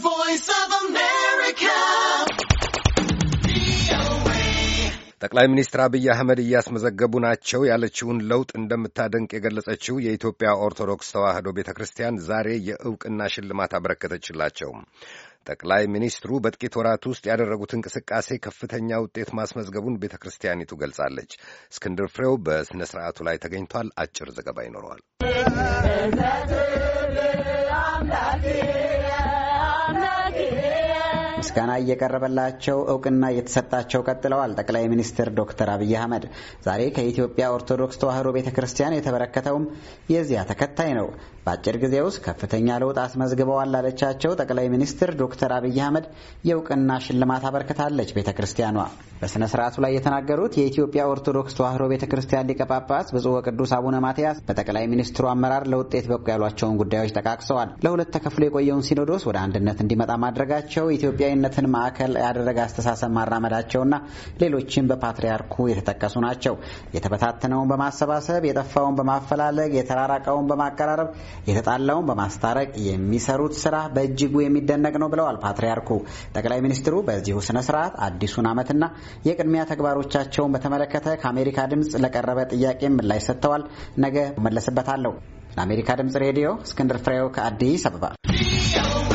Voice of America. ጠቅላይ ሚኒስትር አብይ አህመድ እያስመዘገቡ ናቸው ያለችውን ለውጥ እንደምታደንቅ የገለጸችው የኢትዮጵያ ኦርቶዶክስ ተዋሕዶ ቤተ ክርስቲያን ዛሬ የእውቅና ሽልማት አበረከተችላቸው። ጠቅላይ ሚኒስትሩ በጥቂት ወራት ውስጥ ያደረጉት እንቅስቃሴ ከፍተኛ ውጤት ማስመዝገቡን ቤተ ክርስቲያኒቱ ገልጻለች። እስክንድር ፍሬው በሥነ ሥርዓቱ ላይ ተገኝቷል። አጭር ዘገባ ይኖረዋል። ምስጋና እየቀረበላቸው እውቅና እየተሰጣቸው ቀጥለዋል። ጠቅላይ ሚኒስትር ዶክተር አብይ አህመድ ዛሬ ከኢትዮጵያ ኦርቶዶክስ ተዋሕዶ ቤተ ክርስቲያን የተበረከተውም የዚያ ተከታይ ነው። በአጭር ጊዜ ውስጥ ከፍተኛ ለውጥ አስመዝግበዋል ላለቻቸው ጠቅላይ ሚኒስትር ዶክተር አብይ አህመድ የእውቅና ሽልማት አበርክታለች ቤተ ክርስቲያኗ። በሥነ ሥርዓቱ ላይ የተናገሩት የኢትዮጵያ ኦርቶዶክስ ተዋሕዶ ቤተ ክርስቲያን ሊቀ ጳጳስ ብፁዕ ወቅዱስ አቡነ ማትያስ በጠቅላይ ሚኒስትሩ አመራር ለውጤት በቁ ያሏቸውን ጉዳዮች ጠቃቅሰዋል። ለሁለት ተከፍሎ የቆየውን ሲኖዶስ ወደ አንድነት እንዲመጣ ማድረጋቸው፣ ኢትዮጵያዊነትን ማዕከል ያደረገ አስተሳሰብ ማራመዳቸውና ሌሎችም በፓትርያርኩ የተጠቀሱ ናቸው። የተበታተነውን በማሰባሰብ የጠፋውን በማፈላለግ የተራራቀውን በማቀራረብ የተጣላውን በማስታረቅ የሚሰሩት ስራ በእጅጉ የሚደነቅ ነው ብለዋል ፓትርያርኩ። ጠቅላይ ሚኒስትሩ በዚሁ ስነ ስርዓት አዲሱን ዓመትና የቅድሚያ ተግባሮቻቸውን በተመለከተ ከአሜሪካ ድምፅ ለቀረበ ጥያቄ ምላሽ ሰጥተዋል። ነገ እመለስበታለሁ። ለአሜሪካ ድምፅ ሬዲዮ እስክንድር ፍሬው ከአዲስ አበባ